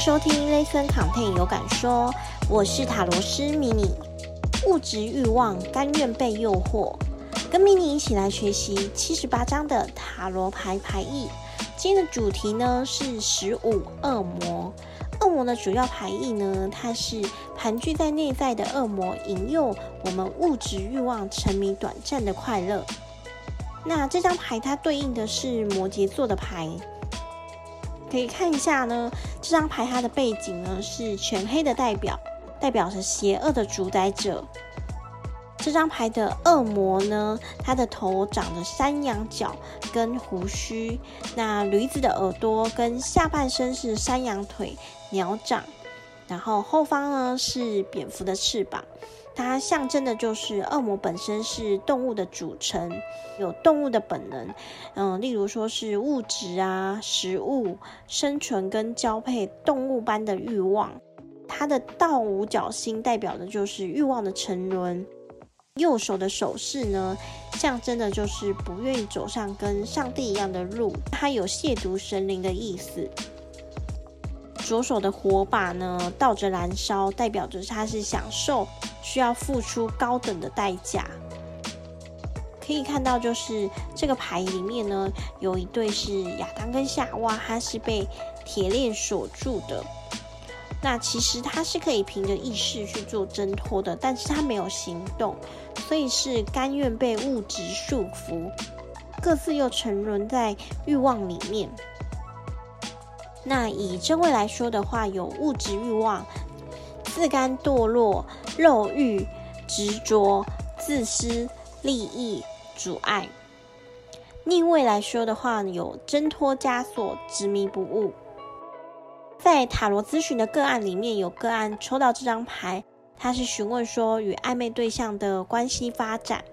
收聽 ListenContent 有感說：“我是塔羅師 Mini，物質慾望甘願被誘惑，跟 Mini 一起來學習七十八張的塔羅牌牌意。今天的主題呢是十五惡魔，惡魔的主要牌意呢，它是盤踞在內在的惡魔，引誘我們物質慾望沉迷短暫的快樂。那這張牌它對應的是摩羯座的牌。”可以看一下呢，這張牌它的背景呢是全黑的代表，代表代表着邪惡的主宰者。這張牌的惡魔呢，它的頭長着山羊角跟鬍鬚，那驢子的耳朵跟下半身是山羊腿、鳥掌，然後後方呢是蝙蝠的翅膀。它象徵的就是惡魔本身是動物的組成，有動物的本能，嗯，例如說是物質啊、食物、生存跟交配，動物般的欲望。它的倒五角星代表的就是欲望的沉淪。右手的手勢呢，象徵的就是不願意走上跟上帝一樣的路，它有褻瀆神靈的意思。左手的火把呢，倒着燃燒，代表着他是享受，需要付出高等的代價。可以看到，就是這個牌裡面呢，有一對是亞當跟夏娃，他是被鐵鏈鎖住的。那其實他是可以憑着意識去做掙脫的，但是他沒有行動，所以是甘願被物質束縛，各自又沉淪在欲望裡面。那以正位來說的話，有物質欲望、自甘墮落、肉欲、執着、自私、利益阻礙；逆位來說的話，有掙脫枷鎖、執迷不悟。在塔羅諮詢的個案裡面，有個案抽到這張牌，他是詢問說與曖昧對象的關係發展。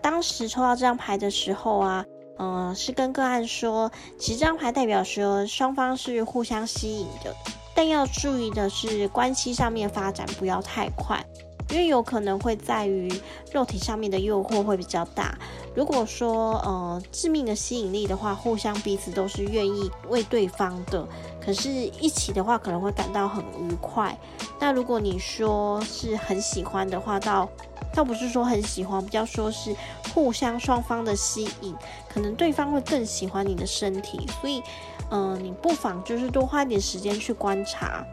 當時抽到這張牌的時候啊。呃、嗯，是跟個案說，其實這張牌代表說雙方是互相吸引的，但要注意的是關係上面發展不要太快，因為有可能會在於肉體上面的誘惑會比較大。如果說呃、嗯、致命的吸引力的話，互相彼此都是願意為對方的，可是一起的話可能會感到很愉快。那如果你說是很喜歡的話，到倒不是說很喜歡，比較說是互相雙方的吸引，可能對方會更喜歡你的身體，所以，嗯、呃，你不妨就是多花點時間去觀察。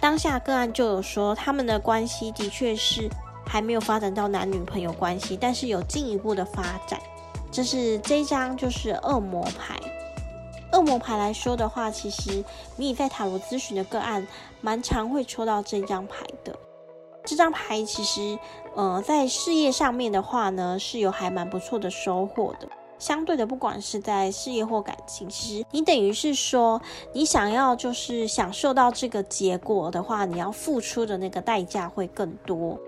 當下個案就有說，他們的關係的確是還沒有發展到男女朋友關係，但是有進一步的發展。這是這張就是惡魔牌。惡魔牌來說的話，其實米菲塔羅諮詢的個案蠻常會抽到這張牌的。這張牌其實，呃，在事業上面的話呢，是有還蠻不錯的收穫的。相對的，不管是在事業或感情，其實你等於是說，你想要就是享受到這個結果的話，你要付出的那個代價會更多。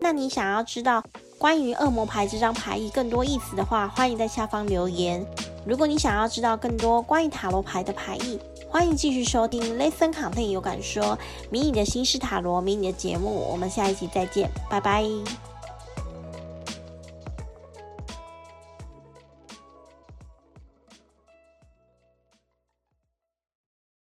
那你想要知道關於惡魔牌這張牌意更多意思的話，歡迎在下方留言。如果你想要知道更多關於塔羅牌的牌意，歡迎繼續收聽《ListenContent 有感說》迷你的新式塔羅迷你的節目，我們下一期再見，拜拜。